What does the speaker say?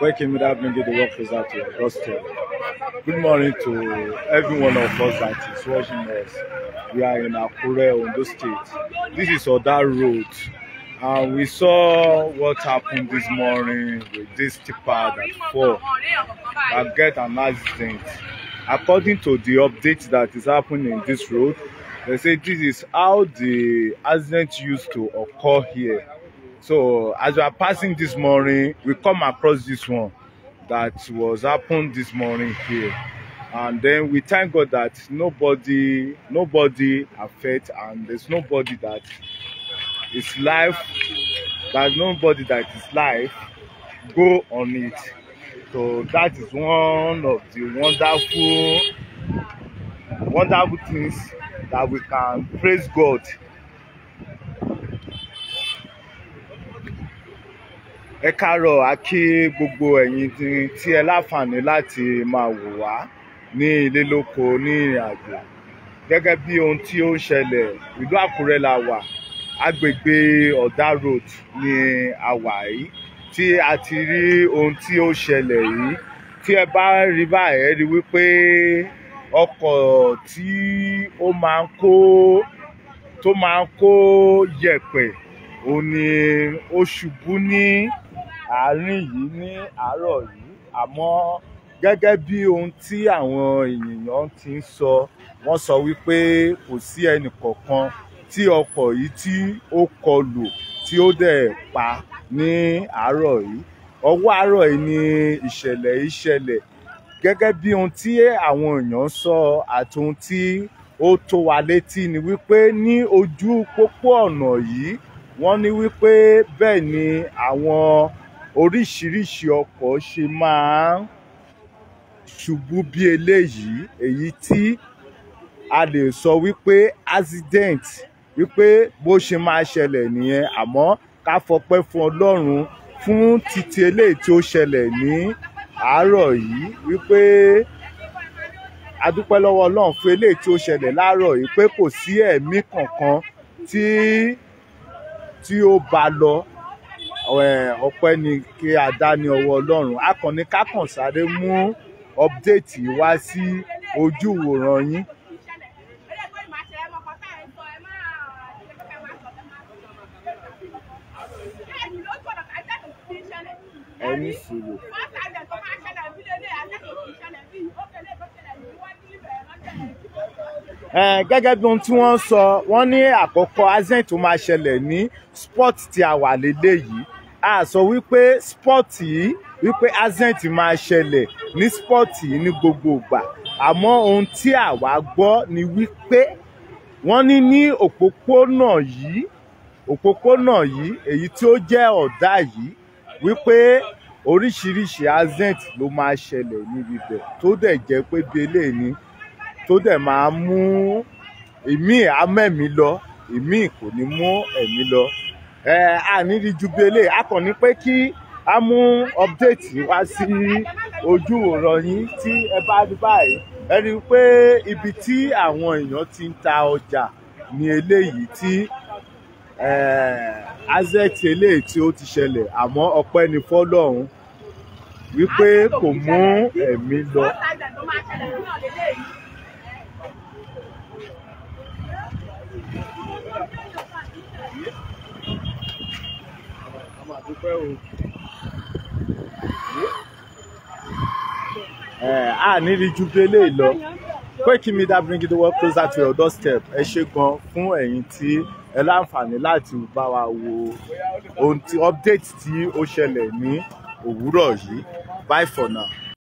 Waking without bringing the workers out to your Good morning to every one of us that is watching us. We are in Akure, Ondo State. This is Oda Road. And we saw what happened this morning with this tipper that fell that get an accident. According to the update that is happening in this road, they say this is how the accident used to occur here. So as we are passing this morning, we come across this one that was happened this morning here. And then we thank God that nobody, nobody affected and there's nobody that is life, there's nobody that is life go on it. So that is one of the wonderful, wonderful things that we can praise God ẹ káàárọ̀ a kí gbogbo ẹ̀yin tí ẹ láǹfààní láti máa wò wá ní ilé lóko ní ìrìnàjò gẹ́gẹ́ bí ohun tí ó ń ṣẹlẹ̀ ìlú Àkúrẹ́ la wà agbègbè Ọ̀dà road ni a wà yìí tí a ti rí ohun tí ó ṣẹlẹ̀ yìí tí ẹ bá rí báyìí ẹ rí wípé ọkọ̀ tí ó máa ń kó tó máa ń kó yẹ̀pẹ̀ òun ni ó ṣubú ní. Ni àárín yìí ní àárọ̀ yìí àmọ́ gẹ́gẹ́ bí ohun tí àwọn ènìyàn ti ń sọ wọ́n sọ wípé kò sí ẹnì kọ̀ọ̀kan tí ọkọ̀ yìí tí ó kọlù tí ó dẹ̀ pa ní àárọ̀ yìí ọwọ́ àárọ̀ yìí ni ìṣẹ̀lẹ̀ yìí ṣẹlẹ̀ gẹ́gẹ́ bí ohun tí àwọn èèyàn sọ àti ohun tí ó tó wa létí ni wípé ní ojú pópó ọ̀nà yìí wọ́n ní wípé bẹ́ẹ̀ ni àwọn oríṣiríṣi ọkọ̀ ṣe máa ń ṣubú bí eléyìí èyí tí a lè sọ wípé accident wípé bó ṣe máa ṣẹlẹ̀ nìyẹn àmọ́ ká fọpẹ́ fún Ọlọ́run fún títí eléyìí tí ó ṣẹlẹ̀ ní àárọ̀ yìí wípé a lọ́wọ́ Ọlọ́run fún eléyìí tí ṣẹlẹ̀ láàárọ̀ yìí pé kò sí ẹ̀mí kankan tí tí ó bá lọ ọpẹ́ ni kí a dá ní ọwọ́ ọlọ́run akànnì kákànsáré mú ọ́pdẹ́ẹ̀tì wá sí ojú ìwòran yín ẹni sùúrù. gẹ́gẹ́ bí ohun tí wọ́n sọ wọ́n ní àkọ́kọ́ asin tó máa ṣẹlẹ̀ ní sport tí a wà lélẹ̀ yìí a sọ wípé sport yìí wípé asin ti máa ṣẹlẹ̀ ní sport yìí ní gbogbo ìgbà àmọ́ ohun tí àwa gbọ́ ni wípé wọ́n ní ní òpópónà yìí òpópónà yìí èyí tí ó jẹ́ ọ̀dà yìí wípé oríṣiríṣi asin ló máa ṣẹlẹ̀ níbi bẹ̀ tó dẹ̀ jẹ́ pé bí eléyìí tó dẹ̀ máa mú ìmí àmẹ́mí lọ ìmí kò ní mú ẹ̀mí lọ àníri ju bí eléyìí a kàn ní pé kí a mú update wá sí ojú òòràn yín tí ẹ bá rí báyìí ẹ rí i pé ibi tí àwọn èèyàn ti ń ta ọjà ní eléyìí tí azet eléyìí tí ó ti ṣẹlẹ̀ àmọ́ ọpẹ́ ni fọ́lọ́run wípé kò mú ẹ̀mí lọ. àdúpẹ́ o. a nílí ju bí eléyìí lọ Koiki Media bring the world closer to your doorstep ẹ ṣe gan fún ẹ̀yin tí ẹ láǹfààní láti bá wa wo ohun tí update tí ó ṣẹlẹ̀ ní òwúrọ̀ yìí bye for now.